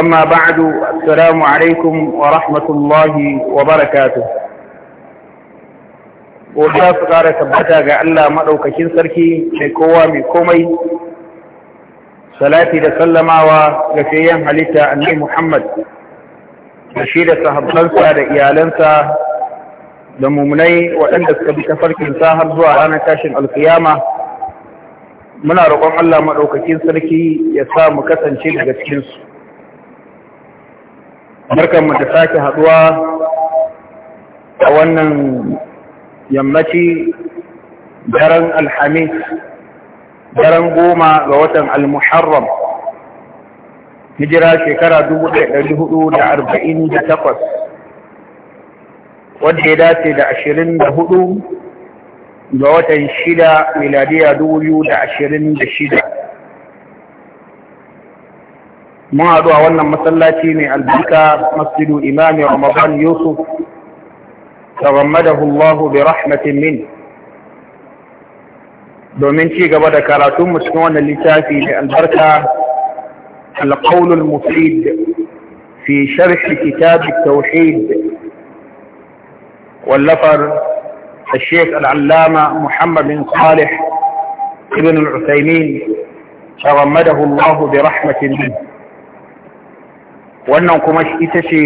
أما بعد السلام عليكم ورحمة الله وبركاته godiya su ƙara tabbata ga Allah maɗaukakin sarki mai kowa mai komai salati da sallamawa ga fiyayyen halitta annabi Muhammad da shi da sahabbansa da iyalansa da mumunai waɗanda suka bi tafarkinsa har zuwa ranar tashin alkiyama muna roƙon Allah maɗaukakin sarki ya sa mu kasance daga cikinsu mu da sake haduwa a wannan yammaci daren alhamis daren goma ga watan almuharram hijira shekara takwas, wadda ya dace da ashirin da hudu ga watan shida miladiya shida. mun haɗu a wannan masallaci ne albarka masjidu imami ramadan yusuf tagammadahu allahu bi rahmatin min domin ci gaba da karatun mu cikin wannan littafi ne albarka القول المفيد في شرح كتاب التوحيد واللفر الشيخ العلامة محمد بن صالح ابن العثيمين تغمده الله برحمة منه wannan kuma ita ce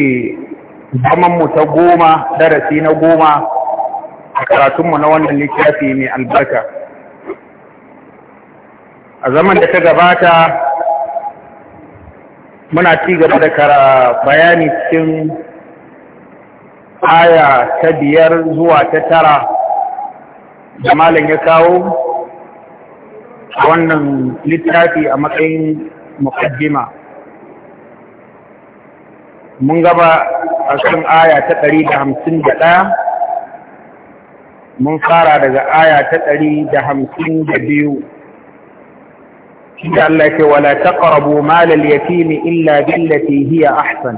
zaman mu ta goma darasi na goma a karatunmu na wannan littafi mai albarka a zaman da ta gabata muna ci gaba da kara bayani cikin aya ta biyar zuwa ta tara da malam ya kawo a wannan littafi a matsayin mukaddima mun gaba a cikin aya ta ɗari da hamsin da ɗaya mun fara daga aya ta ɗari da hamsin da biyu shi Allah ke wala taqrabu malal yatimi illa billati hiya ahsan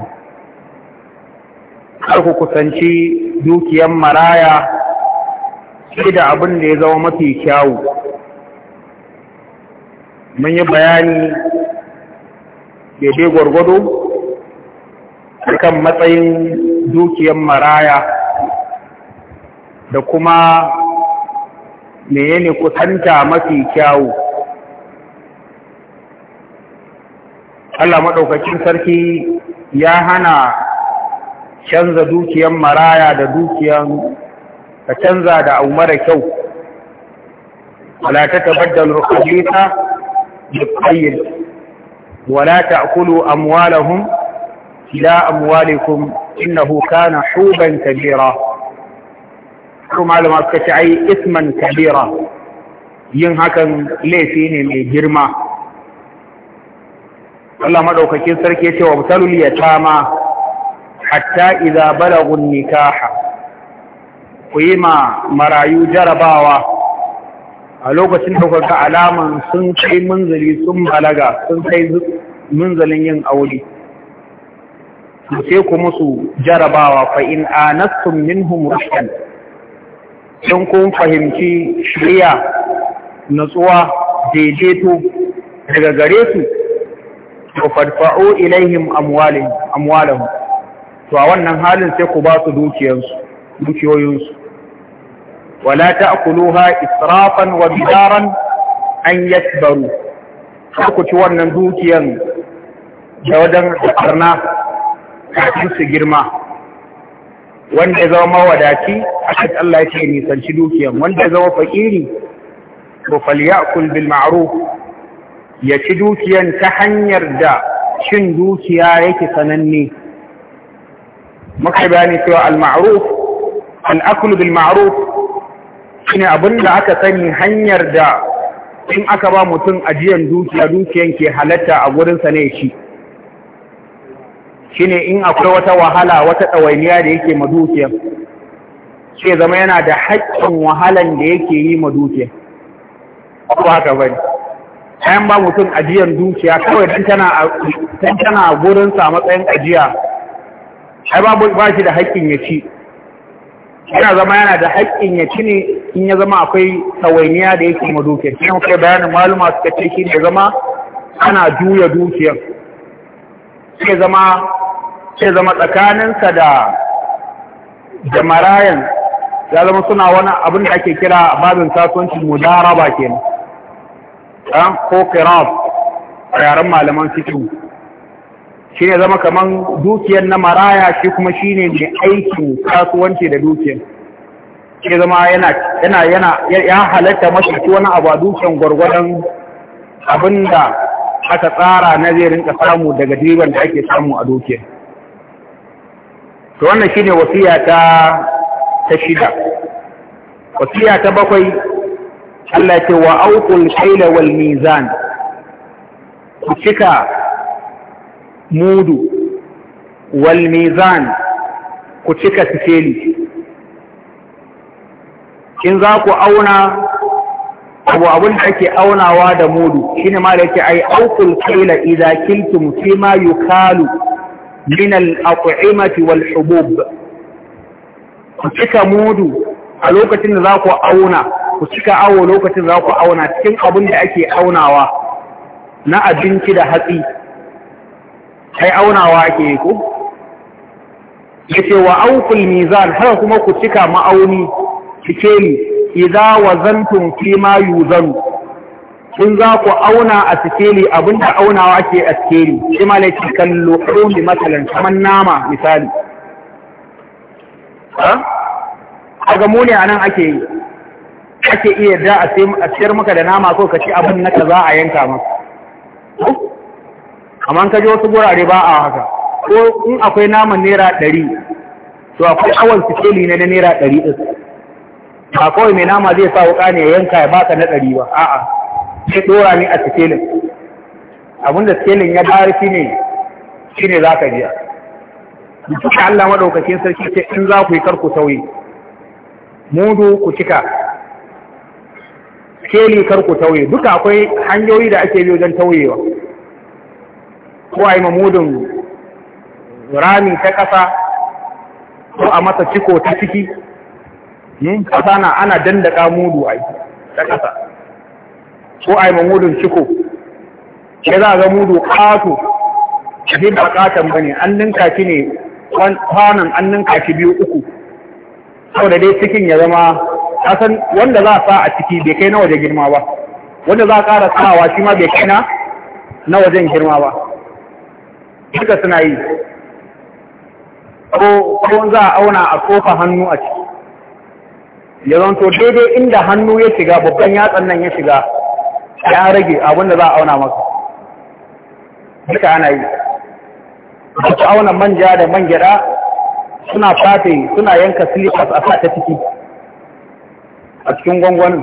kar ku kusanci dukiyar maraya sai da abin da ya zama mafi kyawu mun yi bayani daidai gwargwado kan matsayin dukiyar maraya da kuma ne kusanta mafi kyawu Allah maɗaukakin sarki ya hana canza dukiyar maraya da dukiyar ka canza da abu mara kyau wala ta tabaddalu da bi wala ta'kulu amwalahum ila amwalikum innahu kana huban kabira ko malama suka ce ai isman kabira yin hakan laifi ne mai girma Allah madaukakin sarki yace wa mutalul yatama hatta idza balagun nikaha ku yi ma marayu jarabawa a lokacin da kuka alaman sun kai munzali sun balaga sun kai munzalin yin aure to sai ku musu jarabawa fa in anastum minhum rushdan don kun fahimci shari'a natsuwa daidaito daga gare su to fadfa'u ilaihim amwalin amwalahum to a wannan halin sai ku ba su dukiyansu dukiyoyinsu wala ta'kuluha israfan wa bidaran an yakbaru ku ci wannan dukiyan da wajen karna kafin su girma wanda ya zama mawadaci aka Allah ya ce nisanci dukiyan wanda ya zama fakiri to falyakul bil ya ci dukiyan ta hanyar da cin dukiya yake sananne muka bayani cewa al ma'ruf al aklu shine abin da aka sani hanyar da in aka ba mutum ajiyan dukiya dukiyan ke halatta a gurinsa ne shi shine in akwai wata wahala wata ɗawainiya da yake ma dukiyar zama yana da haƙƙin wahalan da yake yi ma ko haka bane ayan ba mutum ajiyar dukiya kawai dan tana dan tana gurin sa matsayin ajiya ai babu ba shi da haƙƙin ya ci yana zama yana da haƙƙin ya ci ne in ya zama akwai tawainiya da yake ma shi ne kai bayanin maluma suka ce shi ne zama ana juya dukiyar sai zama sai zama tsakaninsa da da marayan ya zama suna wani abin da ake kira babin kasuwanci mudaraba kenan ɗan ko kiraf a yaren malaman fikin shi ne zama kaman dukiyar na maraya shi kuma shi ne mai aikin kasuwanci da dukiyar shi zama yana yana ya halatta mashi wani abu a dukiyar gwargwadon abin da aka tsara na zai rinka samu daga diban da ake samu a dukiyar to wannan shine wasiya ta ta shida wasiya ta bakwai Allah ce wa auqul kayla wal mizan ku cika mudu wal mizan ku cika sikeli in za ku auna abu abun da ake aunawa da mudu shine ma da yake ai auqul kayla idza kiltum fi ma yukalu min al-at'imati wal hubub ku cika mudu a lokacin da za ku auna ku cika awo lokacin da za ku auna cikin abin da ake aunawa na abinci da hatsi ai aunawa ake ku yace wa awqul mizan har kuma ku cika ma'auni cike ni idza wazantum fi ma yuzanu in za ku auna a sikeli abin da aunawa ke a sikeli shi ma ne kallo ƙomi matsalan kamar nama misali a gamu ne a nan ake yi ake iya da a siyar maka da nama ko kaci abin na ka za a yanka maka amma ka ji wasu gurare ba a haka ko in akwai naman naira ɗari to akwai awon sikeli ne na naira ɗari ɗin ba kawai mai nama zai sa wuƙa ne ya yanka ya baka na ɗari ba a'a sai ɗora ni a sikelin abinda sikelin ya bayar shi ne shi ne za ka biya duka Allah maɗaukacin sarki ce in za ku yi karku sauyi mudu ku cika sikeli karku tauye duka akwai hanyoyi da ake bi don tauyewa ko a yi mamudin rami ta ƙasa ko a masa ciko ta ciki hmm? ƙasa na ana dandaka mudu a ta ƙasa ko a yi mamudin ciko ya za a ga mudu ƙato shi ba ƙatan ba ne an ninka ki ne kwanan an ninka ki biyu uku sau da dai cikin ya zama kasan wanda za a sa a ciki bai kai na waje girma ba wanda za a ƙara sawa shi ma bai kai na na wajen girma ba duka suna yi ko za a auna a kofa hannu a ciki ya zanto daidai inda hannu ya shiga babban yatsan nan ya shiga ya rage abin da za a auna maka duka ana yi masu auna manja da man gyada suna fate suna yanka slippers a sa ta ciki a cikin gwangwanin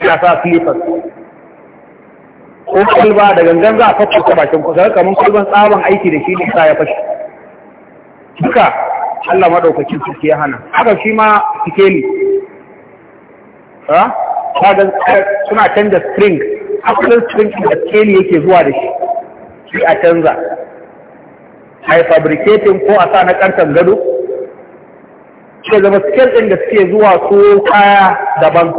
suna sa slippers ko kwalba da gangan za a fashe ta bakin kusa kamar kwalban tsaban aiki da shi ne sa ya fashe duka Allah maɗaukacin suke hana haka shi ma sikeli ha kaga suna canza spring asalin spring da keli yake zuwa da shi shi a canza a yi fabricating ko a sa na kantar gado ke zama scale ɗin da suke zuwa su kaya daban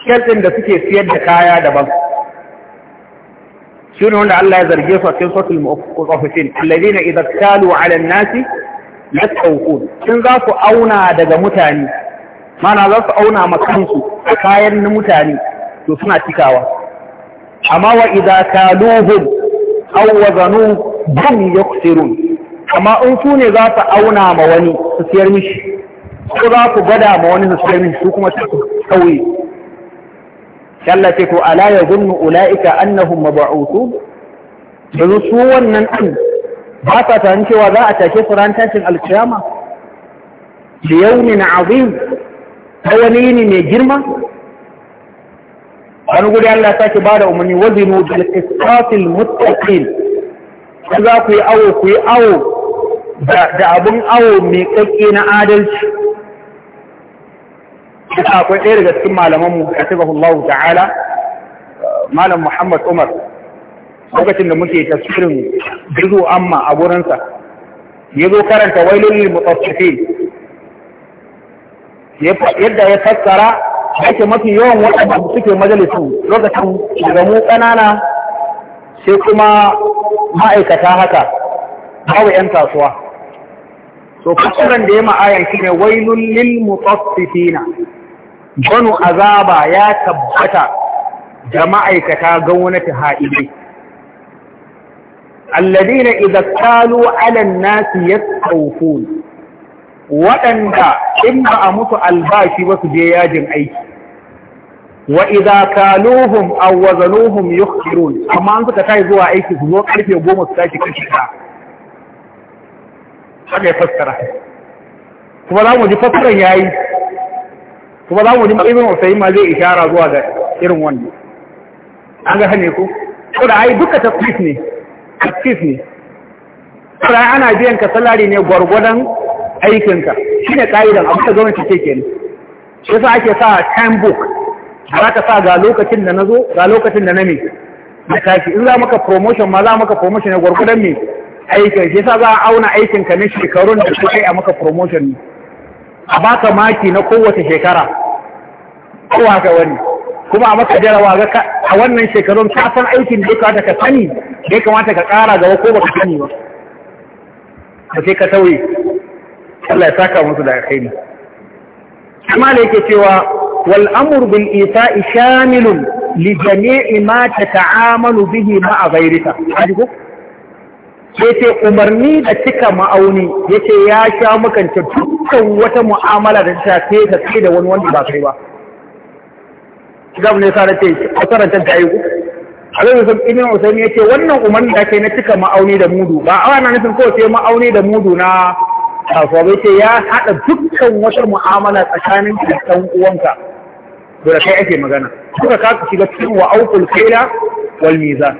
scale ɗin da suke siyar da kaya daban shi ne wanda Allah ya zarge su a cikin ofishin. mu'affifin alladina idza kalu ala an-nasi yastawqun sun za ku auna daga mutane mana za su auna ma kansu da kayan na mutane to suna cikawa amma wa idza kaluhum aw wazanu hum yuksirun amma in su ne za su auna ma wani su siyar mishi ko za su gwada ma wani su siyar mishi su kuma su kauye Allah ce ko ala ya yazunnu ulaika annahum mab'uthun yanzu su wannan din ba sa tani cewa za a tashe su ran tashin alkiyama liyawmin azim ta wani yini mai girma wani guri Allah sake ba da umarni wazinu bil isqatil muttaqin ku za ku yi awo ku yi awo da abun awo mai kakke na adalci akwai ɗaya daga cikin malamanmu a tabahullahu ta'ala malam Muhammad Umar lokacin da muke tafsirin gizo amma a gurinsa ya zo karanta wailul mutaffifin yadda ya fassara ake mafi yawan waɗanda suke majalisu lokacin daga mu ƙanana sai kuma ma'aikata haka babu 'yan kasuwa so da ya ma'ayan shi ne wailun lil mutaffifina banu azaba ya tabbata da ma'aikata gwamnati ha'ibi alladina idza qalu ala an-nasi yastawfun waɗanda in ba a mutu albashi ba su je yajin aiki wa idza kaluhum aw wazanuhum yukirun. amma an suka tayi zuwa aiki su zo karfe 10 su tashi kashi ta haka ya fassara kuma za mu ji fassaran yayi kuma za mu ji ibn Usaymin ma zai ishara zuwa ga irin wannan an ga hane ku ko da ai duka tafsir ne tafsir ne sai ana biyan ka salari ne gwargwadon aikinka shi ne ƙa'idan abu da gwamnati ce kenan shi sa ake sa time book za ka sa ga lokacin da na zo ga lokacin da na me na tashi in za maka promotion ma za maka promotion ne gwargwadon me aikin shi sa za a auna aikinka na shekarun da suka kai a maka promotion ne a baka maki na kowace shekara ko haka wani kuma a maka jarawa ga a wannan shekarun ka san aikin da ya kamata ka sani da ya kamata ka ƙara gaba ko baka sani ba ba sai ka tauye Allah ya saka musu da alkhairi amma da yake cewa wal amru bil ifa'i shamilun li jami'i ma tata'amalu bihi ma'a ghayrika hadiku yace umarni da cika ma'auni yace ya sha mukanta dukkan wata mu'amala da ta ce ta ce da wani wanda ba kai ba kitab ne sa ce kasaran ta ta yi ku Allah ya ibn Usaimi yace wannan umarni da kai na cika ma'auni da mudu ba awana nufin ko sai ma'auni da mudu na kasuwa ce ya haɗa dukkan wata mu'amala tsakanin da ɗan uwanka da kai ake magana suka kaka shiga cikin wa aukul kaila wal mizan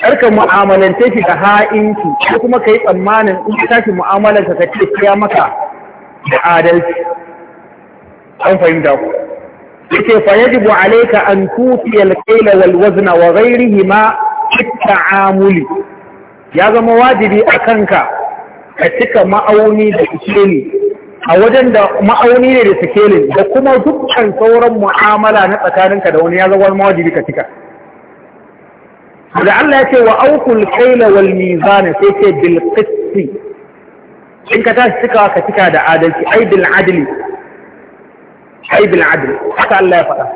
karka mu'amalance shi da ha'inci ko kuma kai tsammanin in ka tashi mu'amalan ka ce kiya maka da adalci an fahimta ku yake fa yajibu alayka an tuti al-qayla wal wazna wa ghayrihima fi ta'amuli ya zama wajibi ka. ka cika ma'auni da sikeli a wajen da ma'auni ne da sikeli da kuma dukkan sauran mu'amala na tsakaninka da wani ya zama mawajibi ka cika da Allah ya ce wa aukul kaila wal mizana sai ce bil qisti in ka tashi cikawa ka cika da adalci ai bil adli ai bil adli haka Allah ya faɗa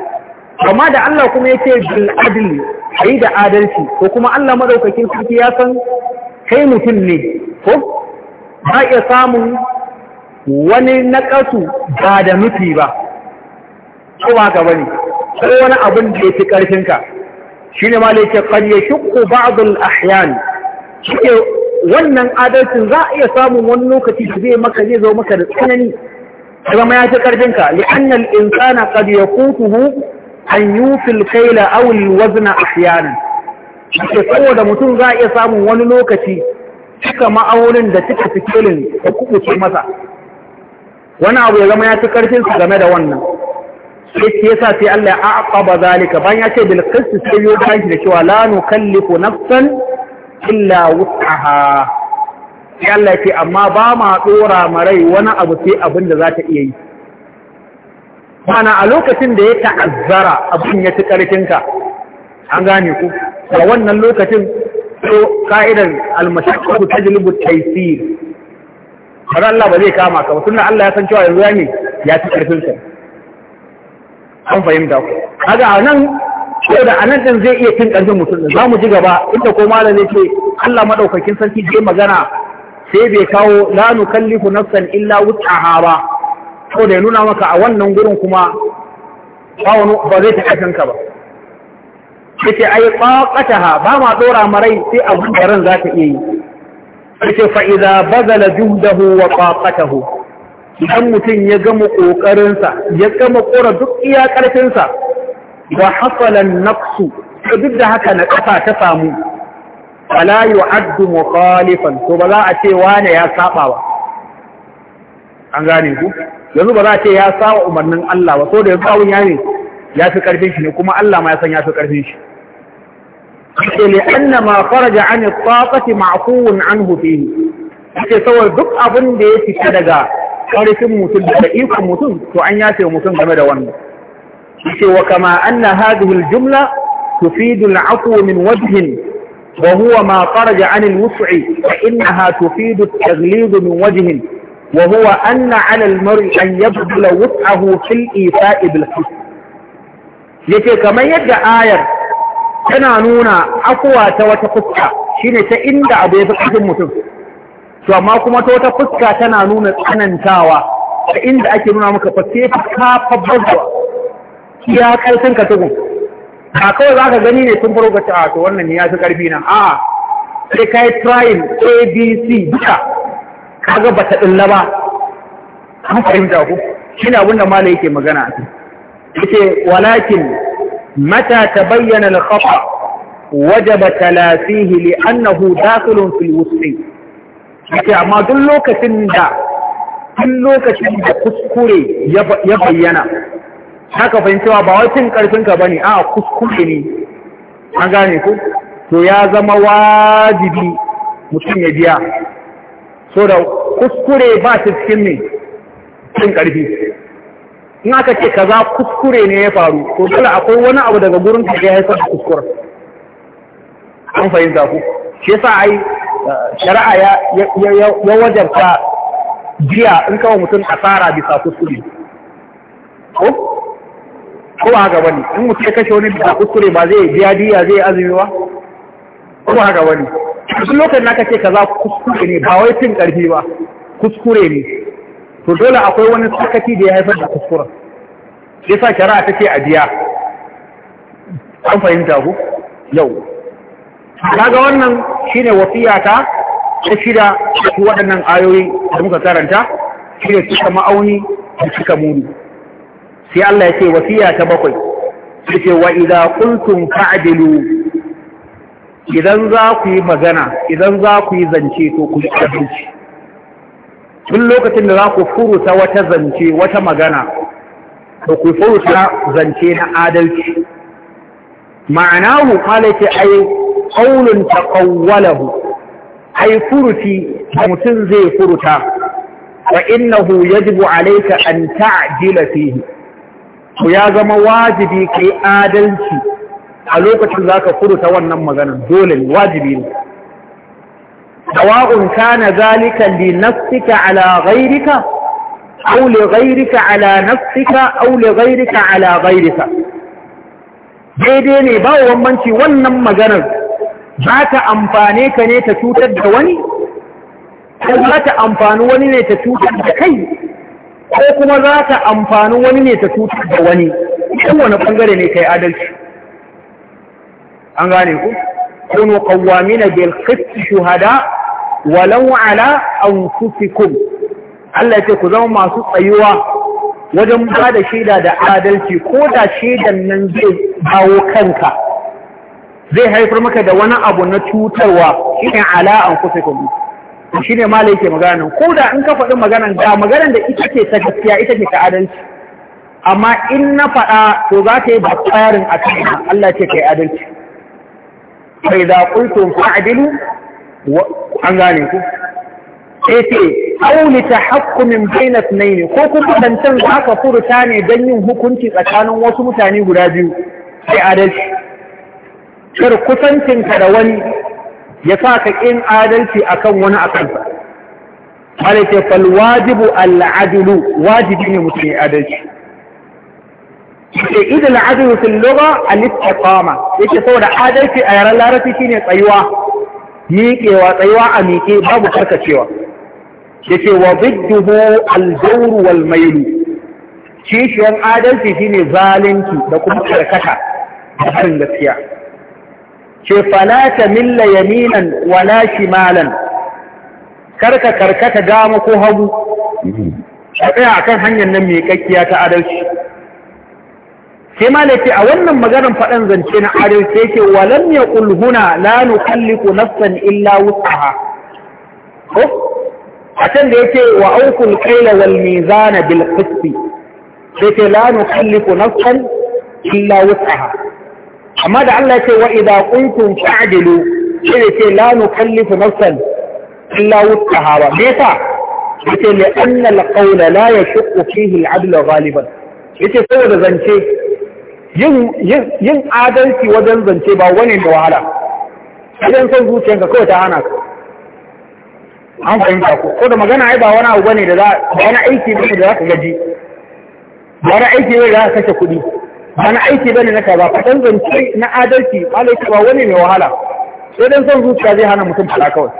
amma da Allah kuma yake bil adli ai da adalci ko kuma Allah madaukakin sarki ya san kai mutum ne ko ba iya samun wani naƙasu ba da nufi ba ko ba ka bane ko wani abin da ya fi ƙarfinka shi ne ma da yake ƙarye shukku ba'adul ahyan shi wannan adalcin za a iya samun wani lokaci su zai maka zai zo maka da tsanani daga ma ya fi ƙarfinka li'annal insana qad yaqutuhu an yufil kayla aw al wazna ahyanan shi saboda mutum za a iya samun wani lokaci cika ma'aunin da cika fikilin da kubuce masa wani abu ya zama ya ci karfin su game da wannan sai ke yasa sai Allah ya ba zalika ban ya ce bil qist sai yo da shi da cewa la nukallifu nafsan illa wus'aha sai Allah ya ce amma ba ma dora marai wani abu sai abin da za ta iya yi mana a lokacin da ya ta'azzara abin ya ci karfin ka an gane ku a wannan lokacin to ka'idar almashaqqatu tajlibu at-taysir har Allah ba zai kama ka ba sunna Allah ya san cewa yanzu ya ne ya ci karfin ka an fahimta ku kaga anan ko da anan din zai iya cin karfin mutum za mu ji gaba inda ko malam ce Allah madaukakin sarki zai magana sai bai kawo la nukallifu nafsan illa wut'aha ba ko da ya nuna maka a wannan gurin kuma ba wani ba zai ta karfin ka ba yace ai qaqataha ba ma dora marai sai abun da ran za ta iya yi yace fa idza bazala juhdahu wa qaqatahu idan mutum ya gama kokarin sa ya gama kora duk iya karfin sa wa hasala naqsu duk da haka na kafa ta samu fala yu'addu muqalifan to ba za a ce wane ya saba ba an gane ku yanzu ba za a ce ya saba umarnin Allah ba so da yanzu awun ya ya fi karfin shi ne kuma Allah ma ya san ya fi karfin shi لأن ما خرج عن الطاقة معفو an فيه ake saboda duk abin da ya fita daga ƙarfin mutum da ikon mutum to an yace mutum game da wannan yace wa kama anna hadhihi al-jumla tufidu al-afwa min wajhin wa huwa ma faraja 'an al-wus'i fa innaha tufidu at-taghlid min wajhin wa huwa anna 'ala mari an yabdula wus'ahu fil ifa'i bil husn yace kamar yadda ayar tana nuna akwa ta wata fuska shine ta inda abu ya fi ƙarfin mutum to amma kuma ta wata fuska tana nuna tsanantawa ta inda ake nuna maka fa sai fa ka ya ƙarfin ka tugun ba kawai za ka gani ne tun faru ka ce a ah, to wannan ne ya fi ƙarfi na a sai ka yi trying abc duka ka ga ba ta ɗilla ba an fahimta ku shi ne abin da yake magana a ce walakin Mata ta bayyana وجب تلافيه لأنه داخل في الوسط yake amma duk lokacin da duk lokacin da kuskure ya bayyana haka fahimcewa ba wacin karfinka ba ne a kuskure ne an gane ku ya zama wajibi mutum ya biya kuskure ba ta cikin karfi in aka ce kaza kuskure ne ya faru to kala akwai wani abu daga gurin ka ya haifar da kuskure an fahimta ku shi yasa ai eh, shari'a ya wajabta jiya in kawo mutum asara bisa kuskure ko ko ba haka bane in mutum ya kashe wani bisa kuskure ba zai biya diya zai azumi ba ko ba haka bane duk lokacin da aka ce kaza kuskure ne ba wai fin karfi ba kuskure ne to dole akwai wani sakaci da ya haifar da kuskura. Ya sa shari'a take a biya an fahimta ku yau kaga wannan shine wasiya ta ta shida su waɗannan ayoyi da muka karanta shine suka ma'auni da suka muni sai Allah ya ce wasiya ta bakwai sai ce wa idza qultum fa'dilu idan za ku yi magana idan za ku yi zance to ku yi abinci Tun lokacin da za ku furuta wata zance wata magana to ku furuta zance na adalci ma'anahu kala ce ai qaulun taqawwalahu ai furuti mutum zai furuta wa innahu yajibu alayka an ta'jila fihi ku ya zama wajibi kai adalci a lokacin za ka furuta wannan magana dole wajibi ne sawa'un kana zalika li nafsika ala ghayrika aw li ghayrika ala nafsika aw li ghayrika ala ghayrika daidai ne ba bambanci wannan maganar za ta amfane ka ne ta cutar da wani ko za ta amfani wani ne ta cutar da kai ko kuma za ta amfani wani ne ta cutar da wani kowane bangare ne kai adalci an gane ku kunu qawwamina bil qist shuhada walau ala anfusikum Allah ce ku zama masu tsayuwa wajen ba da shaida da adalci ko da shaidan nan zai bawo kanka zai haifar maka da wani abu na cutarwa shine ala shi ne ma laike magana ko da in ka faɗi magana da maganar da ita ce ta gaskiya ita ce ta adalci amma in na faɗa to za ta yi ba tsarin a kan Allah ce kai adalci bai za kultum an gane ku yace aw li tahakkumin bayna ne ko kuma dantan da aka furta ne don yin hukunci tsakanin wasu mutane guda biyu sai adalci kar kusancinka da wani ya sa ka ƙin adalci akan wani a kansa alaike falwajibu al'adilu wajibi ne mutum ya adalci ke idan la'adun sun lura a littattama yake saboda adalci a yaren larabci shine tsayuwa miƙewa tsayuwa a miƙe babu karkacewa yace wa bidduhu al wal mailu kishiyan adalci shine zalunci da kuma karkata da harin gaskiya ce fala Milla yaminan wala shimalan karka karkata dama ko hagu a tsaya akan hanyar nan miƙakkiya ta adalci sai ma ce a wannan maganar faɗan zance na arewa sai yake walam ya kulhuna la nukalliku nafsan illa wusaha ko a can da yake wa aukul kaila wal mizana bil qisti sai ce la nukalliku nafsan illa wusaha amma da Allah ce wa idza qultum fa'dilu sai ce la nukalliku nafsan illa wusaha ba me yasa yace li anna al qawla la yashqu fihi al adl ghaliban yace saboda zance yin adalci wajen zance ba wani da wahala idan son ga kawai ta hana ka an fahimta ko ko da magana ya ba wani abu ne da za wani aiki ne da za ka gaji wani aiki ne da za ka kashe kudi, wani aiki ne na kaza fadan zance na adalci malaka ba wani mai wahala sai dan son zuciya zai hana mutum fada kawai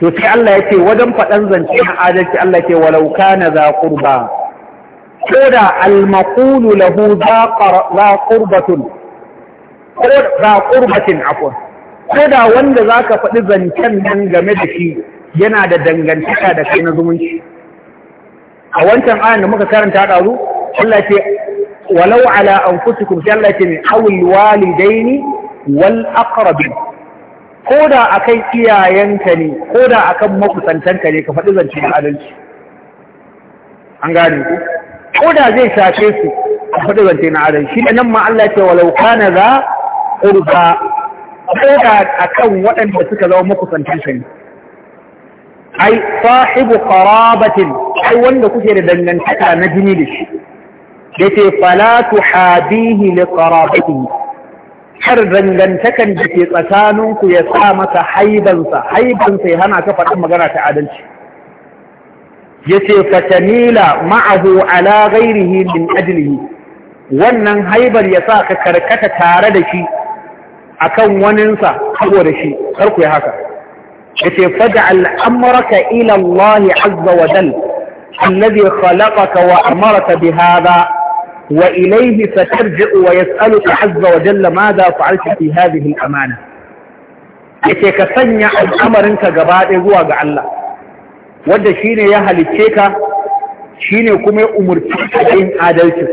to sai Allah ya ce wajen fadan zance na adalci Allah ke walauka walau kana za qurba ko da almakulu lahu za ƙurbatun za ƙurbatin afon ko da wanda za ka faɗi zancen nan game da shi yana da dangantaka da kai na zumunci a wancan ayan da muka karanta ɗazu Allah ce walau ala kusa sai Allah ce ne awul ne wal aqrabin ko da a kai iyayenka ne ko da a kan makusantanka ne ka faɗi zancen adalci an gane ku koda zai shafe su a faɗi zance na adalci shi da nan ma Allah ce walau kana za qurba ko akan waɗanda suka zama makusantan shi ai sahibu qarabatin ai wanda kuke da dangantaka na jini da shi yace fala tuhabihi li har dangantakan da ke tsakaninku ya sa masa haibansa haibansa ya hana ka faɗin magana ta adalci yace fatamila ma'ahu ala gairihi min ajlihi wannan haibar ya sa ka karkata tare da shi akan waninsa saboda shi karku ya haka yace faj'al amraka ila Allah azza wa jal khalaqaka wa amaraka bi hadha wa ilayhi satarji'u wa yas'aluka azza wa jalla madha fa'alta fi hadhihi al-amana yace ka sanya al'amarinka gaba ɗaya zuwa ga Allah wanda shine ya halicce ka shine kuma ya umurci ka yin adalci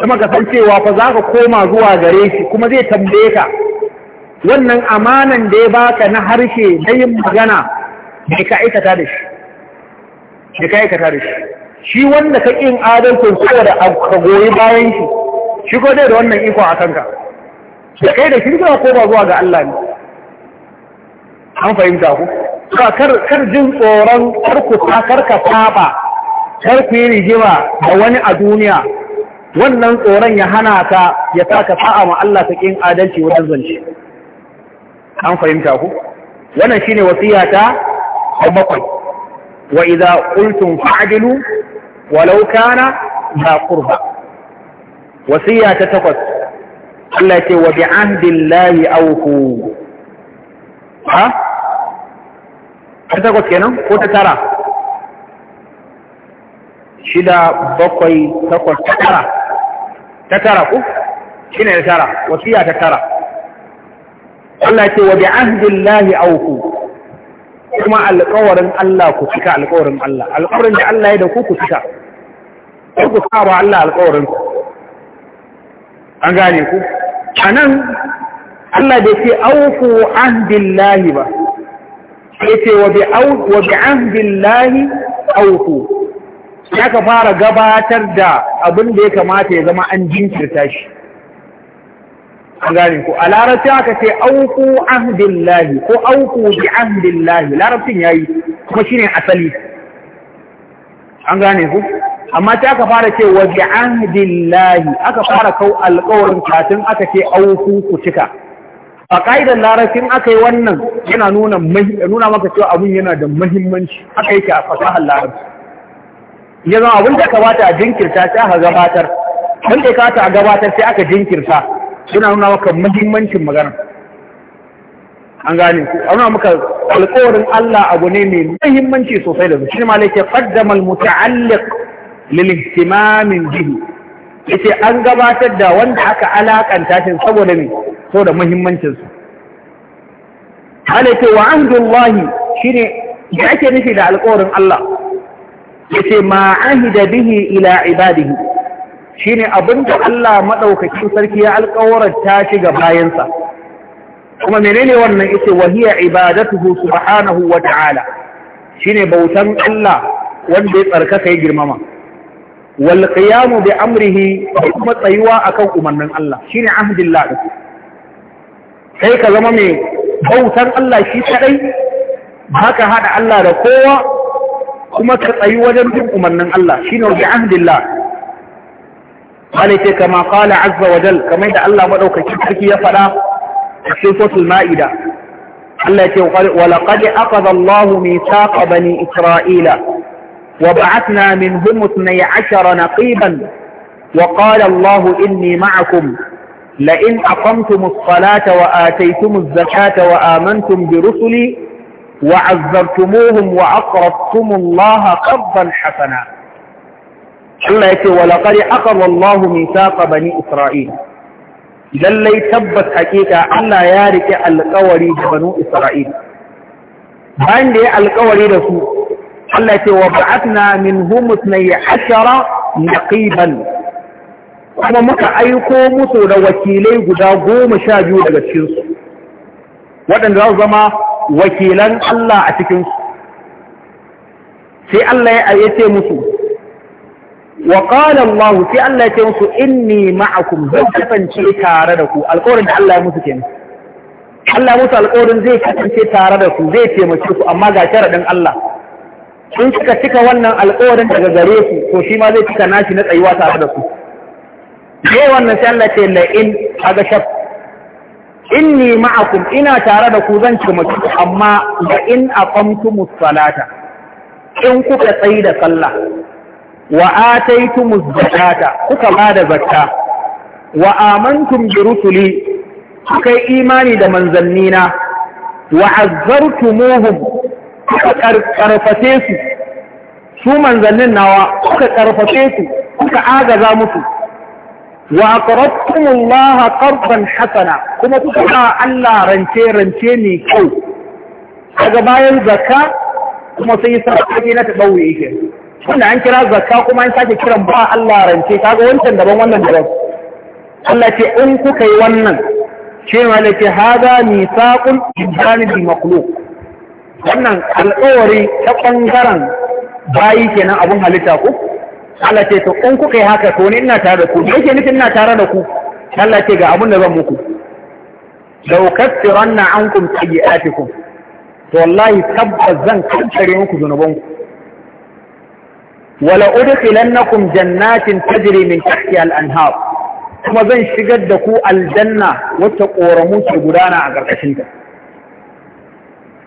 kuma ka san cewa fa za ka koma zuwa gare shi kuma zai tambaye ka wannan amanan da ya baka na harshe na yin magana bai ka aikata da shi bai ka aikata da shi shi wanda ka ƙin adalcin saboda ka goyi bayan shi shi ko dai da wannan iko a kanka da kai da shi ko ba zuwa ga Allah ne an fahimta ku kar jin tsoron karkuta karka saba karku yi rigima da wani a duniya wannan tsoron ya hana ka ya sa ka sa'a ma Allah ta ƙin adalci wajen zance an fahimta ku wannan shine wasiya ta bakwai wa idza qultum fa'dilu walau kana za qurba wasiya ta takwas Allah ce wa bi ahdillahi awfu ha ta takwas kenan ko ta tara shida bakwai takwas ta tara ta tara ku shi ne ta tara wasiya ta tara Allah ce wa bi ahdillahi auku kuma alƙawarin Allah ku cika alƙawarin Allah alƙawarin da Allah ya da ku ku cika ku ku saba Allah alƙawarin ku an gane ku anan Allah bai ce auku ahdillahi ba yace wa bi wa bi ahdillahi ya ka fara gabatar da abin da ya kamata ya zama an jinkirta shi an gane ku a larabci aka ce auku lahi ko auku bi ahdillahi larabcin yayi kuma shine asali an gane ku amma ta aka fara ce wa bi ahdillahi aka fara kau alƙawarin kafin aka ce auku ku cika a ƙa'idar larabcin aka yi wannan yana nuna maka cewa abin yana da mahimmanci aka yake a fasahar larabci ya zama abin da kamata a jinkirta sai aka gabatar wanda ya kamata a gabatar sai aka jinkirta yana nuna maka mahimmancin magana an gane ku nuna maka alƙawarin Allah abu ne mai mahimmanci sosai da su shi ne ma lake qaddama al-muta'alliq lil ihtimam bihi yace an gabatar da wanda aka alakanta shi saboda me saboda muhimmancin su halaka wa ahdullahi shine da ake nufi da alƙawarin Allah yace ma ahida bihi ila ibadihi shine abinda Allah madaukakin sarki ya alƙawarta shi ga bayansa kuma menene wannan yace wahiya ibadatuhu subhanahu wa ta'ala shine bautan Allah wanda ya tsarkaka ya girmama wal qiyamu bi amrihi kuma tsayuwa akan umarnin Allah shine ahdillah din Sai ka zama mai bautan Allah shi kadai haka hada Allah da kowa kuma ka tsayi wajen bin umarnin Allah shine bi ahdillah malike kama qala azza wa jal kamar da Allah madaukakin sarki ya faɗa, cikin suratul maida Allah ya ce wa laqad aqada Allahu mithaqa bani isra'ila وبعثنا منهم اثني عشر نقيبا وقال الله إني معكم لئن أقمتم الصلاة وآتيتم الزكاة وآمنتم برسلي وعذرتموهم وأقرضتم الله قرضا حسنا الله يقول ولقد أخذ الله ميثاق بني إسرائيل للي تبت حقيقة على يارك القوري بنو إسرائيل بان دي القوري رسول Allah ce wa ba'atna minhum ithnay ashara naqiban kuma muka aiko musu da wakilai guda goma sha biyu daga cikinsu waɗanda za su zama wakilan Allah a cikinsu sai Allah ya ce musu wa qala Allah sai Allah ya ce musu inni ma'akum zan kasance tare da ku alƙawarin da Allah ya musu kenan Allah ya musu alƙawarin zai kasance tare da ku zai taimake ku amma ga sharadin Allah in suka cika wannan alƙawarin daga gare su to shi ma zai cika nashi na tsayuwa tare da su sai wannan sai Allah ce la in aga shaf inni ma'akum ina tare da ku zan cika amma la in aqamtumus salata in kuka tsayi da sallah wa ataitumuz zakata kuka ba da zakka wa amantum bi rusuli kuka imani da manzannina wa azzartumuhum suka karfafe su su manzannin nawa kuka karfafe su kuka agaza musu wa aqrabtumullaha qardan hasana kuma kuka ba Allah rance rance ne kyau daga bayan zakka kuma sai sarki na tabawi yake wanda an kira zakka kuma an sake kiran ba Allah rance kaga wancan daban wannan daban Allah ce in kuka yi wannan shi ne malaka hada mithaqul ibani bi makhluq wannan alƙawari ta ɓangaren bayi kenan abin halitta ku Allah ce to in kuka yi haka to ni ina tare da ku me yake nufin ina tare da ku Allah ce ga abin da zan muku law kaffiranna ankum sayyi'atikum to wallahi tabbas zan kankare muku zunubanku wala udkhilannakum jannatin tajri min tahtiha al-anhar kuma zan shigar da ku aljanna wacce ƙoramu ke gudana a ta.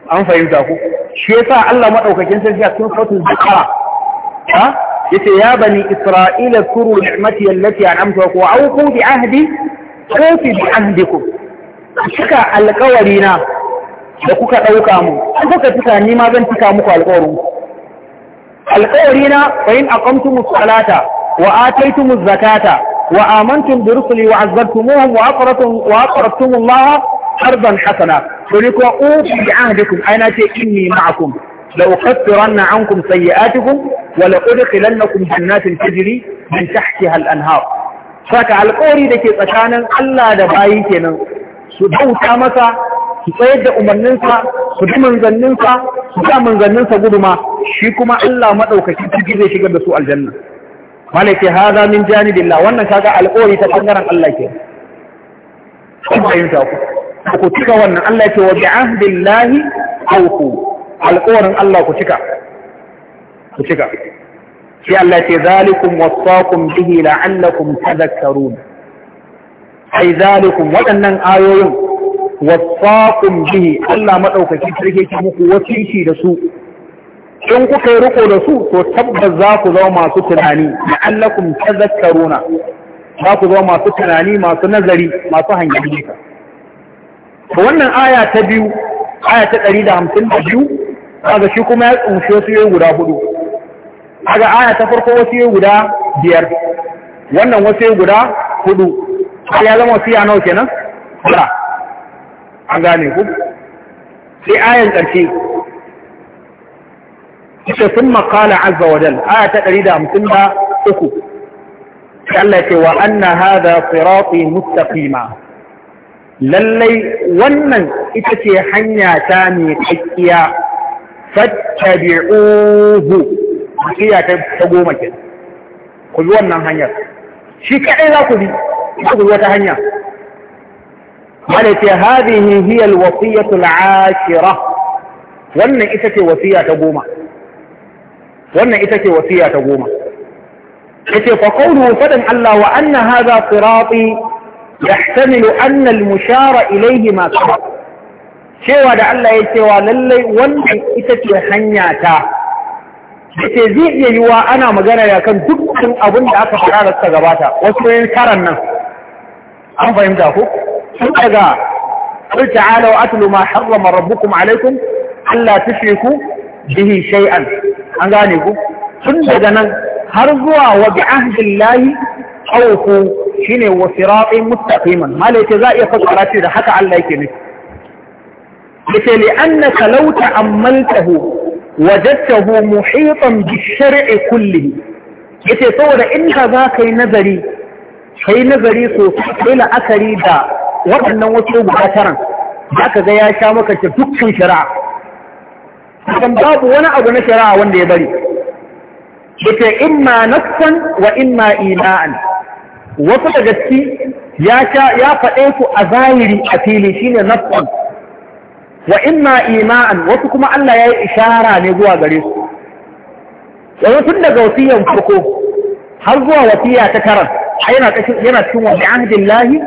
an fahimta ku shi yasa Allah madaukakin sarki a cikin suratul baqara ha yace ya bani isra'ila kuru ni'mati allati an'amtu wa awqu bi ahdi awqu bi ahdikum shika alƙawari na da kuka dauka mu an kuka tuka ni ma zan tuka muku alƙawarin alƙawari na fa in aqamtumus salata wa ataytumuz zakata wa amantum bi rusuli wa azzartumuhum wa aqratum wa aqratumullaha arban hasana to ni kuma uku Da ahdikum ai na ce inni ma'akum la ukaffiranna ankum sayyi'atikum wa na udkhilannakum jannatin tajri min tahtiha al-anhar saka alƙawari da ke tsakanin Allah da bayi kenan su bauta masa su tsayar da umarninsa su bi manzanninsa su ga manzanninsa guduma shi kuma Allah maɗaukaki ciki zai shigar da su aljanna malaka hada min janibillah wannan kaga alƙawari ta bangaren Allah ke kun ku ku cika wannan Allah ce wa bi ahdillahi ku, alƙawarin Allah ku cika ku cika shi Allah ce zalikum wasaqum bihi la'allakum tadhakkarun ai zalikum waɗannan ayoyin wasaqum bihi Allah madaukaki sarki ki muku wasiki da su in kuka yi riko da su to tabbas za ku zama masu tunani la'allakum tadhakkaruna za ku zama masu tunani masu nazari masu hangen nesa wannan aya ta biyu aya ta ɗari da hamsin da biyu kaga shi kuma ya kunshi wasu yoyi guda hudu kaga aya ta farko wasu yoyi guda biyar wannan wasu yoyi guda hudu sai ya zama wasiya nawa kenan tara an gane ku sai ayan ƙarshe ita sun makala azza wa jal aya ta ɗari da hamsin da uku sai Allah ya ce wa anna hadha sirati mustaqima lallai wannan ita ce hanya ta mai kakkiya fattabi'uhu hasiya ta goma ke ku bi wannan hanyar shi kaɗai za ku bi za ku bi wata hanya malaita hadhihi hiya alwasiyatu al'ashira wannan ita ce wasiya ta goma wannan ita ce wasiya ta goma yace fa qawluhu faɗin Allah wa anna hadha sirati yahtamilu anna al-mushara ilayhi ma cewa da Allah ya cewa lallai wannan ita ce hanya ta ce zai iya yiwa ana magana da kan dukkan abin da aka fara da gabata wasu yin karan nan an fahimta ku sun daga qul ta'ala wa atlu ma harrama rabbukum alaykum alla tushriku bihi shay'an an gane ku tun daga nan har zuwa wa bi ahdillahi auku shine wa siratin mustaqiman malaike za iya fassara shi da haka Allah yake nufi yace li annaka law ta'ammaltahu wajadtahu muhitan bi shar'i kullihi yace saboda in ka za kai nazari kai nazari sosai kai la'akari da waɗannan wasu bukataran za ka ga ya sha maka dukkan shari'a kan babu wani abu na shari'a wanda ya bari yace imma nafsan wa imma ina'an wasu da gaske ya faɗe su a zahiri a fili shine nafsan wa inna ima'an wasu kuma Allah ya yi ishara ne zuwa gare su yanzu tun daga wasiyan farko har zuwa wasiya ta karan yana cikin yana cikin wani ahdin lahi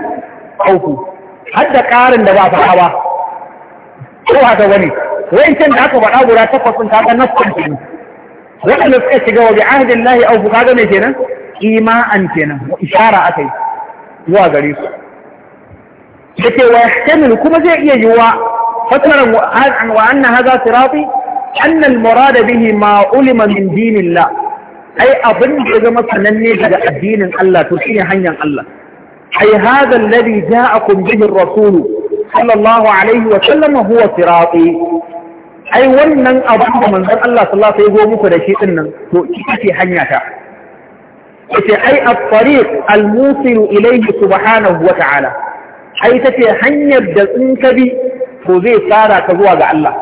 auku har da ƙarin da ba faɗa ba ko haka wani wa'incan da aka faɗa guda takwas sun kaga nafsan kenan waɗanda suka shiga wa bi ahdin lahi auku kaga me kenan ima'an kenan ishara yi. zuwa gare su yake wa yahtamil kuma zai iya yiwa fataran wa anna hadha sirati anna murada bihi ma ulima min dinillah ai abin da zama sananne daga addinin Allah to shine hanyar Allah ai hadha alladhi ja'akum bihi ar-rasul sallallahu alaihi wa sallam huwa sirati ai wannan abin da manzon Allah sallallahu alaihi wa sallam ya go muku da shi din nan to ita ce hanya ta yace ai at-tariq al-musilu ilayhi subhanahu wa ta'ala ai tace hanyar da in ka bi to zai fara ka zuwa ga Allah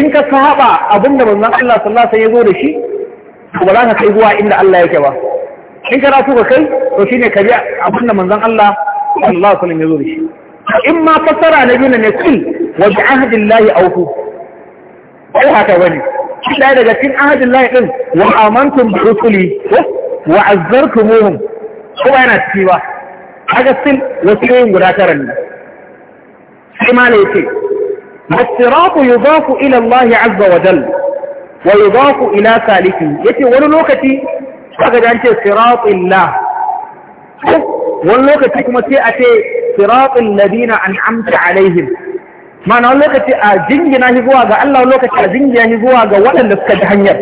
in ka saba abinda manzon Allah sallallahu alaihi wasallam ya zo da shi to ba za ka kai zuwa inda Allah yake ba in ka rafu ka kai to shine ka bi abinda manzon Allah sallallahu alaihi wasallam ya zo da shi in ma fassara na biyu ne kul wa bi ahdillahi awfu ai haka bane shi daga cikin ahdillahi din wa amantum bi rusuli wa azzartumuhum kuma yana ciki ba A kaga sin yin guda tara ne sai ma ne yake as-siratu yudafu ila Allah azza wa jalla wa yudafu ila Ya ce wani lokaci kaga da an ce siratillah wani lokaci kuma sai a ce siratul ladina an an'amta alaihim ma'ana wani lokaci a jingina shi zuwa ga Allah wani lokaci a jingina shi zuwa ga waɗanda suka ji hanyar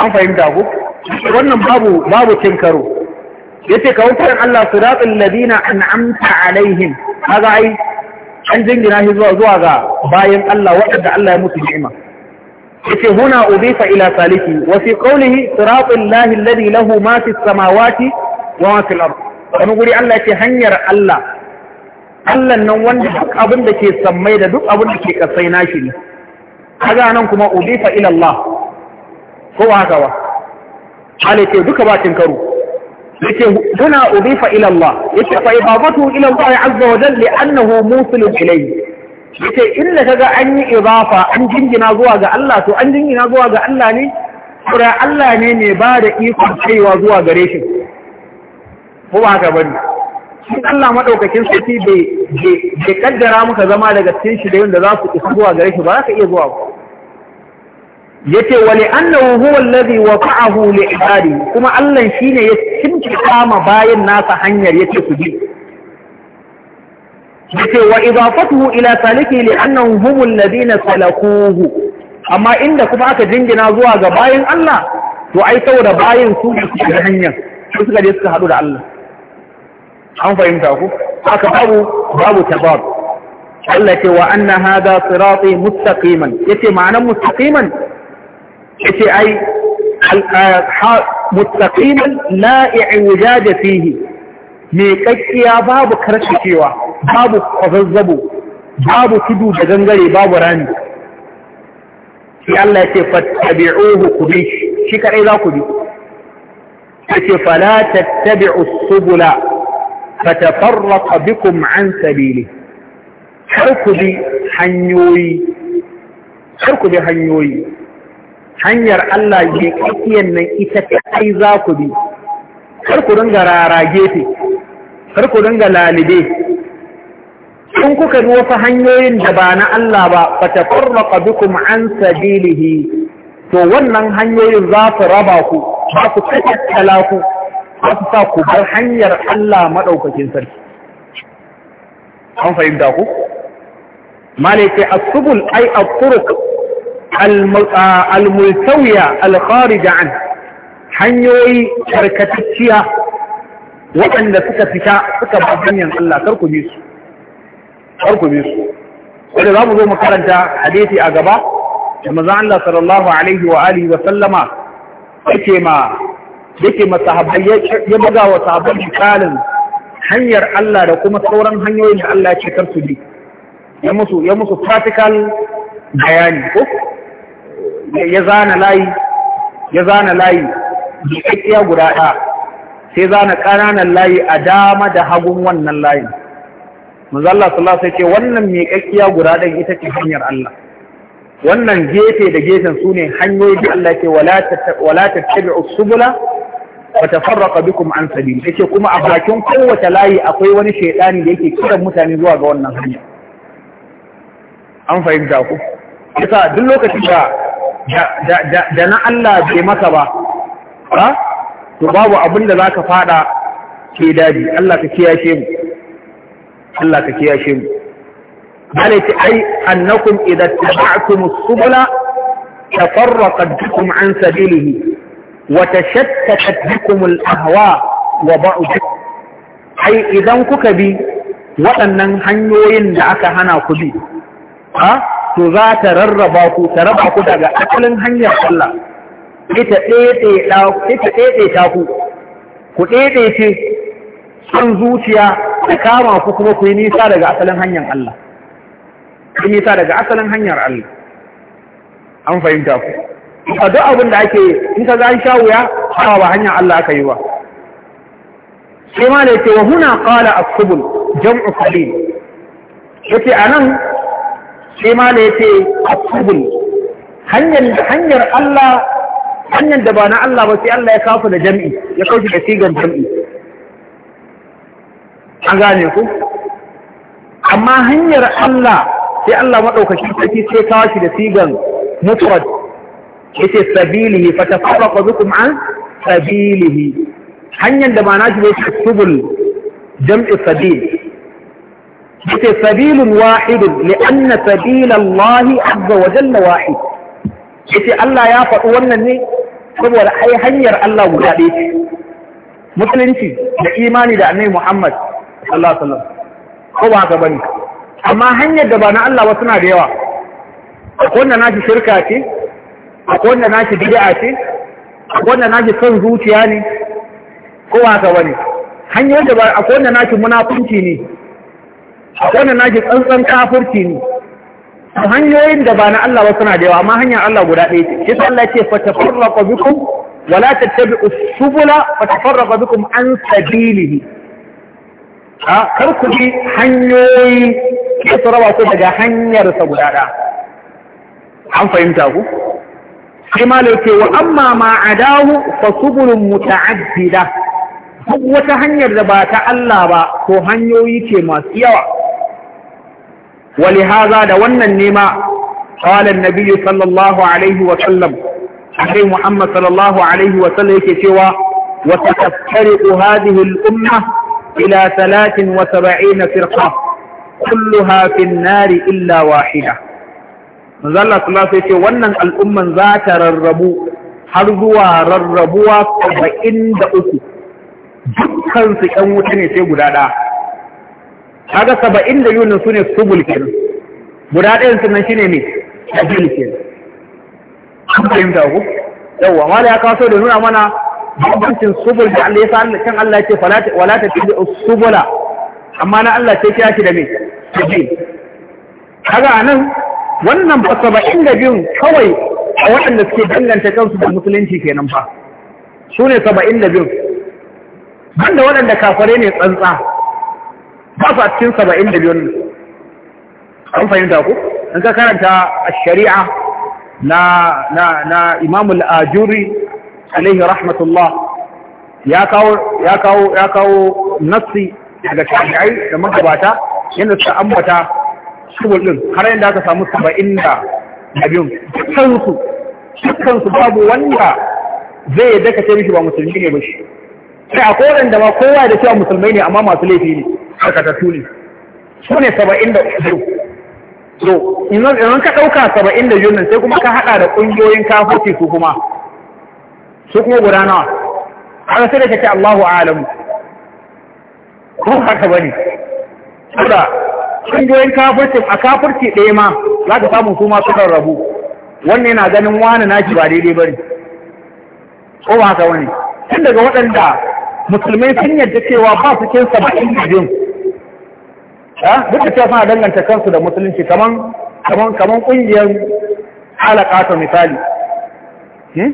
an fahimta ku wannan babu babu cin karo yace ka faɗin Allah siratul ladina an'amta alaihim kaga ai an jingina shi zuwa zuwa ga bayan Allah waɗanda Allah ya musu ni'ima yace huna udifa ila saliki wa fi qawlihi siratul lahi alladhi lahu ma fi samawati wa ma fil ard wani guri Allah yace hanyar Allah Allah nan wanda duk abin da ke sammai da duk abin da ke kasai nashi ne kaga nan kuma udifa ila Allah ko haka wa hali ce duka ba cin karo yake huna udifa ila Allah yake fa ibadatu ila Allah azza wa jalla li'annahu musilun ilayhi yake inda kaga an yi idafa an jingina zuwa ga Allah to an jingina zuwa ga Allah ne kura Allah ne ne ba da ikon cewa zuwa gare shi ko ba ka bari. Shin Allah madaukakin sarki bai bai kaddara muka zama daga cikin shi da yanda za su isa zuwa gare shi ba za ka iya zuwa ba yace wali annahu huwa alladhi waqa'ahu li ibadi kuma Allah shine ya cincika ma bayin nasa hanyar yace su bi yace wa idafatuhu ila saliki li annahu humul ladina salakuhu amma inda kuma aka jingina zuwa ga bayin Allah to ai saboda bayin su ne suke hanyar su suka je suka hadu da Allah an fahimta ku aka babu babu tabab Allah ce wa anna hadha sirati mustaqiman yace ma'anar mustaqiman yace ai muttaqinan la i'wajada fihi me kakkiya babu karshewa babu kwazazzabo babu tudu da gangare babu rani sai Allah yace fattabi'uhu kubi shi kadai za ku bi yace fala tattabi'u subula fatafarraqa bikum an sabili har ku bi hanyoyi har ku bi hanyoyi hanyar Allah ya tsakiyar nan ita kai za ku bi kar ku dinga rarage ta kar ku dinga lalibe in kuka bi wasu hanyoyin da ba na Allah ba fa tafarraqa bikum an sabilihi to wannan hanyoyin za su raba ku ba ku tattala ku ba su sa ku bar hanyar Allah madaukakin sarki an fahimta ku malai ce subul ay at almultawiya alkharija an hanyoyi karkatacciya waɗanda suka fita suka ba hanyar Allah karku bi su karku bi su wanda za mu zo mu karanta hadisi a gaba da maza Allah sallallahu alaihi wa alihi wa sallama yake ma yake ma sahabbai ya buga wa sahabbai misalin hanyar Allah da kuma sauran hanyoyin da Allah ya ce kar su bi ya musu ya musu practical bayani ko ya zana layi ya zana layi jikakkiya guda ɗaya sai zana ƙananan layi a dama da hagun wannan layin manzalla sallallahu alaihi ce wannan miƙaƙƙiya guda ɗaya ita ce hanyar Allah wannan gefe da gefen su ne hanyoyi da Allah ke wala tattabi'u subula wa tafarraqa bikum an sabil ce kuma a bakin kowace layi akwai wani shedani da yake kiran mutane zuwa ga wannan hanya an fahimta ku yasa duk lokacin da da na Allah bai maka ba ha to babu abin da zaka fada ke dadi Allah ka kiyashe mu Allah ka kiyashe mu ce ai annakun idan tabi'tum as-subula tafarraqat bikum an sabilihi wa tashattatat bikum al-ahwa wa ba'd ai idan kuka bi waɗannan hanyoyin da aka hana ku bi ha to za ta rarraba ku ta raba ku daga asalin hanyar Allah ita ɗaiɗe ta ku ku ɗaiɗe ce son zuciya da kama ku kuma ku yi nisa daga asalin hanyar Allah ku nisa daga asalin hanyar Allah an fahimta ku a duk abin da ake in ka zai sha wuya hawa ba hanyar Allah aka yi ba sai ma da yake wa huna kala a kubul jam'u ce a nan. sai ma da yace asubul hanyar hanyar Allah hanyar da ba na Allah ba sai Allah ya kawo da jami'i, ya kawo da sigan jami'i. an gane ku amma hanyar Allah sai Allah madaukaki sai sai kawo shi da sigan mufrad yace sabilihi fatafarraqu bikum an sabilihi hanyar da ba na shi ba subul jam'i sabil yace sabilun wahidun li anna sabilallahi azza wa jalla wahid yace Allah ya faɗi wannan ne saboda ai hanyar Allah guda ɗaya ce musulunci da imani da annabi Muhammad sallallahu alaihi wasallam ko ba ka bane amma hanyar da ba na Allah ba suna da yawa akwai wanda nashi shirka ce akwai wanda nashi bid'a ce akwai wanda nashi son zuciya ne ko ba ka bane hanyar da ba akwai wanda nashi munafunci ne wannan ke tsantsan kafirci ne to hanyoyin da ba na Allah ba suna da yawa amma hanyar Allah guda ɗaya ce shi Allah ce fa tafarraqa bikum wa la tattabi'u subula fa tafarraqa bikum an sabilihi a kar ku bi hanyoyi ke su raba ku daga hanyar sa guda ɗaya an fahimta ku sai malai ce wa amma ma adahu fa subulun muta'addida duk wata hanyar da ba ta Allah ba ko hanyoyi ce masu yawa ولهذا da wannan nema قال النبي صلى الله عليه وسلم أخي محمد صلى الله عليه وسلم يكتوى وستفترق هذه الأمة إلى ثلاث وسبعين فرقة كلها في النار إلا واحدة نزل صلى الله عليه وسلم وأن الأمة ذات رربو حرزوا رربوا سبعين دقو dukkan su ‘yan wuta ne sai guda ɗaya kaga saba'in da yunin su ne subul kenan guda ɗayan nan shi ne mai ajiyar kenan an fahimta ku yawwa ma da ya kaso da nuna mana bambancin subul da Allah ya sa kan Allah ce wala ta tabi subula amma na Allah ce kira shi da mai sabil kaga anan wannan ba saba'in da biyun kawai a waɗanda suke danganta kansu da musulunci kenan fa su ne saba'in da biyun banda waɗanda kafare ne tsantsa ba su a cikin saba'in da biyun an fahimta ku in ka karanta a shari'a na na na imamul ajuri alaihi rahmatullah ya kawo ya kawo nassi daga shari'ai da magabata yadda suka ambata shubul din har yadda aka samu saba'in da biyun dukkansu babu wanda zai yadda ka ce mishi ba musulmi ne ba shi sai a kowane da ma kowa da cewa musulmai ne amma masu laifi ne karkatattu ne su ne saba'in da uku so idan ka ɗauka saba'in da biyun sai kuma ka haɗa da ƙungiyoyin kafirci su kuma su kuma guda nawa haka sai da kake Allahu alamu ko haka bane saboda ƙungiyoyin kafirci a kafirci ɗaya ma za ka samu su ma sukan rabu wannan yana ganin wani nashi ba daidai ba ne. ko ba haka wani tun daga waɗanda musulmai sun yarda cewa ba su cin saba'in da biyun ha duk da cewa suna danganta kansu da musulunci kaman kaman kaman kungiyar halaka ta misali hmm?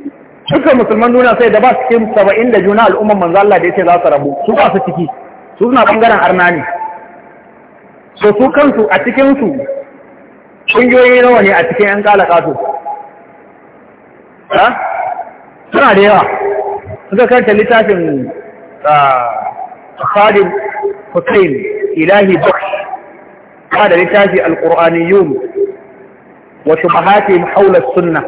dukkan musulman duniya sai da ba su cikin saba'in da juna al'umman manzo Allah da yake za su rabu su ba su ciki su suna bangaren arna ne so su kansu a cikin su kungiyoyi nawa ne a cikin yan kalaka su suna da yawa suka karanta littafin ah, Khalid Hussein ilahi baksh ba da littafi alƙur'aniyun wa shubahatihim haula sunna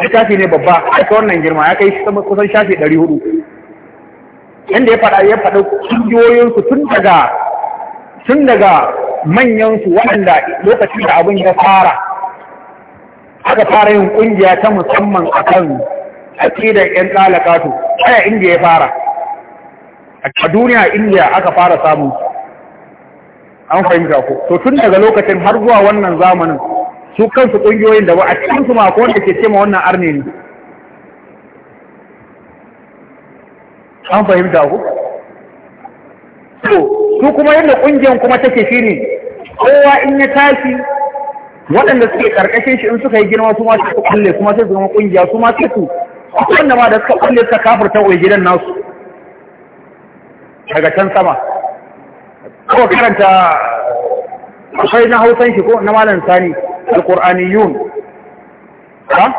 littafi ne babba aka wannan girma ya kai kusan shafi ɗari hudu. inda ya faɗa ya faɗa kungiyoyinsu tun daga manyansu waɗanda lokacin da abin ya fara aka fara yin ƙungiya ta musamman a kan aƙidar 'yan ɗalakatu ɗaya inda ya fara a duniya indiya aka fara samun an fahimta ko to tun daga lokacin har zuwa wannan zamanin su kansu ƙungiyoyin da ba a cikin su mako wanda ke ce ma wannan arne ne an fahimta ko to su kuma yadda ƙungiyar kuma take shi ne kowa in ya tashi waɗanda suke ƙarƙashin shi in suka yi girma su ma su kulle kuma sai su zama ƙungiya su ma sai su wanda ma da suka kulle suka kafirta wai gidan nasu daga can sama ko karanta akwai na hausan shi ko na malam sani yun ha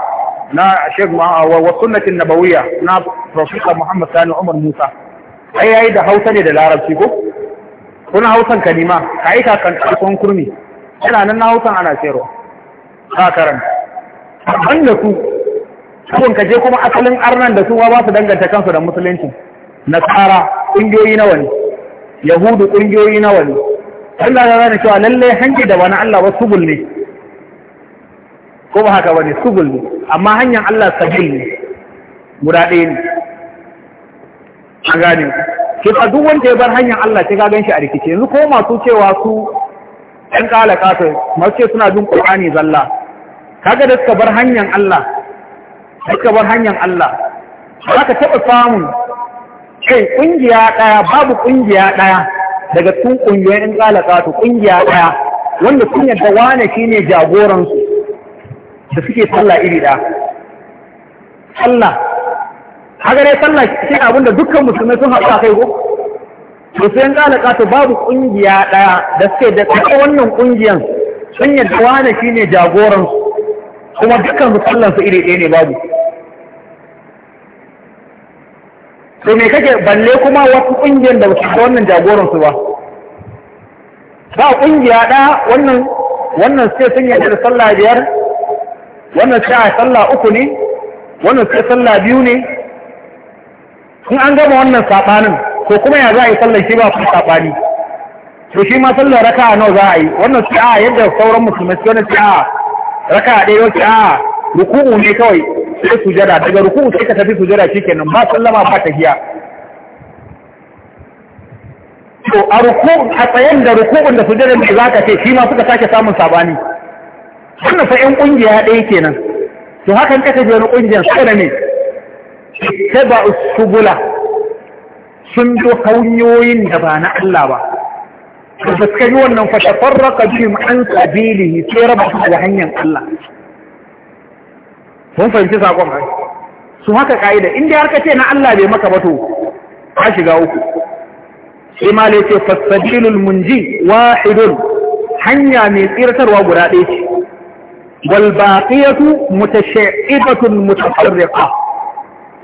na shek Muhammad wa sunnatin nabawiyya na profesor Muhammad Sani Umar Musa ai yayi da Hausa ne da Larabci ko kuna Hausan kalima ka yi kakan kun kurmi ina nan na Hausan ana tsero ka karanta ban da su kun kaje kuma asalin arnan da su ba su danganta kansu da musulunci nasara ƙungiyoyi nawa ne yahudu ƙungiyoyi nawa ne Allah ya gane cewa lallai hanyar da wani Allah ba subul ne ko ba haka bane subul ne amma hanyar Allah sabil ne guda ɗaya ne a gane shi fa duk wanda ya bar hanyar Allah ta gagan shi a rikice yanzu ko masu cewa su ɗan ƙala kafa masu ce suna bin ƙur'ani zalla kaga da suka bar hanyar Allah suka bar hanyar Allah ba ka taɓa samun kai kungiya ɗaya babu kungiya ɗaya daga tun ƙungiyoyin in tsalaka to kungiya ɗaya wanda sun yadda wane shi ne jagoransu da suke sallah iri ɗaya sallah hagarai sallah shi abinda dukkan musulmai sun haɗu a kai ko to sai in tsalaka to babu kungiya ɗaya da suke da ta wannan kungiyar sun yadda wane shi ne jagoransu kuma dukkan su iri ɗaya ne babu to me kake balle kuma wasu kungiyar da ba wannan jagoransu ba ba ƙungiya ɗaya wannan wannan sai sun yadda da sallah biyar wannan sai a sallah uku ne wannan sai sallah biyu ne in an gama wannan saɓanin ko kuma ya za a yi sallar shi ba ku saɓani to shi ma sallar raka a nawa za a yi wannan sai a yadda sauran musulmai wannan sai a raka a ɗaya wacce a ruku'u ne kawai sai sujada daga ruku'u sai ka tafi sujada shikenan ba sallama ba ta giya. to a ruku'u a tsayen da ruku'un da sujada ne ka ce shi ma suka sake samun sabani wannan fa ƴan kungiya ɗaya kenan to hakan ka tafi wani kungiyar sai da ne bula sun bi hanyoyin da ba na Allah ba to da suka yi wannan fa tafarraqa bihim an sabilihi sai raba su da hanyar Allah mun fahimci sakon ai su haka ka'ida in dai har ka ce na Allah bai maka ba to shiga uku sai ma lai fasadilul munji wahidun hanya mai tsirtarwa guda ɗaya ce wal baqiyatu mutasha'ibatun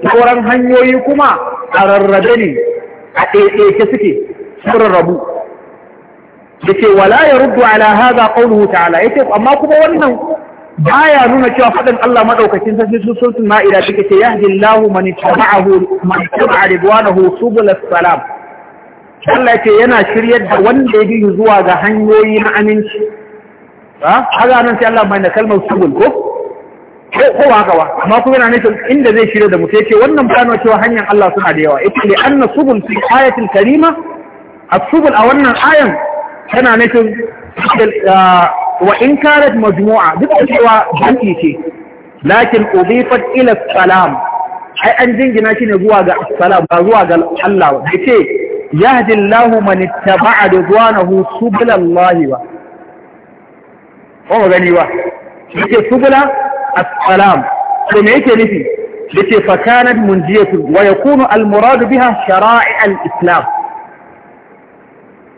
sauran hanyoyi kuma a rarrabe ne a ɗaiɗaice suke sun rarrabu da ce wala ya ruddu ala haza qawluhu ta'ala yace amma kuma wannan baya nuna cewa faɗin Allah madaukakin sarki su sun ma'ida take ce yahdillahu man tabi'ahu man tabi'a ridwanahu subul salam Allah ce yana shiryar da wanda ya bi zuwa ga hanyoyi na aminci ha haka nan sai Allah mai na kalmar subul ko ko haka ba amma kuma yana nufin inda zai shirya da mutum yace wannan bayano cewa hanyar Allah suna da yawa yace li anna subul fi ayatil karima as-subul a wannan ayan tana nufin wa in kanat majmu'a duk da cewa banki ce lakin udifat ila salam ai an jingina shi ne zuwa ga salam ba zuwa ga Allah ba yace yahdi Allahu man ittaba'a ridwanahu subulallahi ba ko gani ba yace subula as-salam to me yake nufi yace fa kanat munjiyatu wa yakunu al-murad biha shara'i al-islam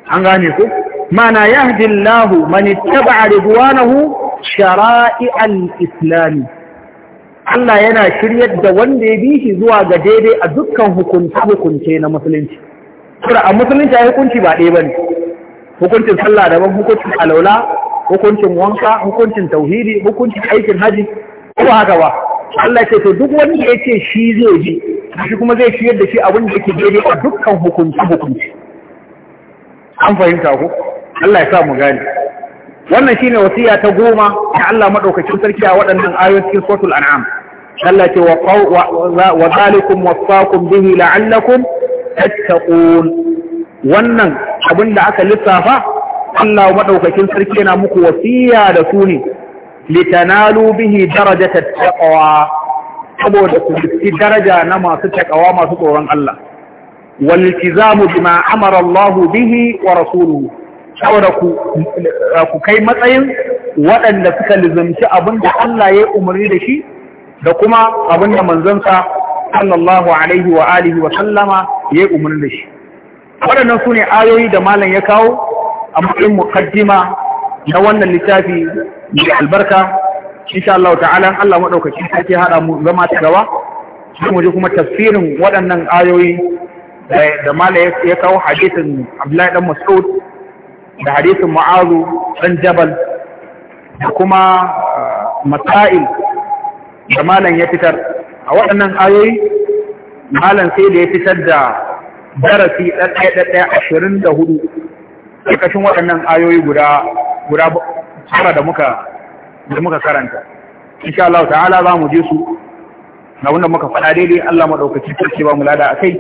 an gane ku معنى يهدي الله من اتبع رضوانه islami Allah yana shiryar da wanda ya bi shi zuwa ga daidai a dukkan hukunce-hukunce na musulunci. Sura a musulunci a hukunci ba ɗaya ba ne, hukuncin sallah daban, hukuncin alaula, hukuncin wanka, hukuncin tauhidi, hukuncin aikin haji, ko haka ba. Allah ce to duk wanda ya ce shi zai ji shi kuma zai shiryar da shi abin da yake daidai a dukkan hukunci-hukunci an fahimta ku Allah ya sa mu gane wannan shine wasiya ta goma ta Allah madaukakin sarki a waɗannan ayoyin cikin suratul an'am Allah ce wa zalikum wasaqum bihi la'allakum tattaqun wannan abin da aka lissafa Allah madaukakin sarki yana muku wasiya da su ne litanalu bihi darajata taqwa saboda ku daraja na masu taqwa masu tsoron Allah waltizamu bima amara Allah bihi wa rasuluhu saboda ku kai matsayin waɗanda suka lizamci abin da Allah ya umarni da shi da kuma abin da manzansa sallallahu alaihi wa alihi wa sallama ya umarni da shi waɗannan su ne ayoyi da malam ya kawo a matsayin muqaddima na wannan littafi mai albarka insha Allah ta'ala Allah madaukaki sai ya hada mu zama ta gaba sai mu kuma tafsirin waɗannan ayoyi da mala ya kawo hadisin abdullahi dan mas'ud da hadisin ma'azu dan jabal da kuma uh, masail da malan ya fitar a waɗannan ayoyi malan sai da ya fitar da darasi ɗaɗɗaya ashirin da hudu ƙarƙashin waɗannan ayoyi guda guda tara da muka da muka karanta sha Allah ta'ala za mu je su na wanda muka faɗa daidai Allah maɗaukaki sarki ba mu lada a kai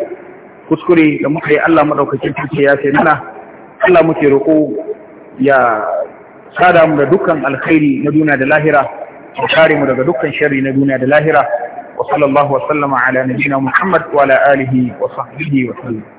kuskure da muka yi Allah madaukakin sarki ya sai mana Allah muke roƙo ya sada mu da dukkan alkhairi na duniya da lahira ya kare mu daga dukkan sharri na duniya da lahira wa sallallahu wa sallama ala nabiyyina Muhammad wa ala alihi wa sahbihi wa sallam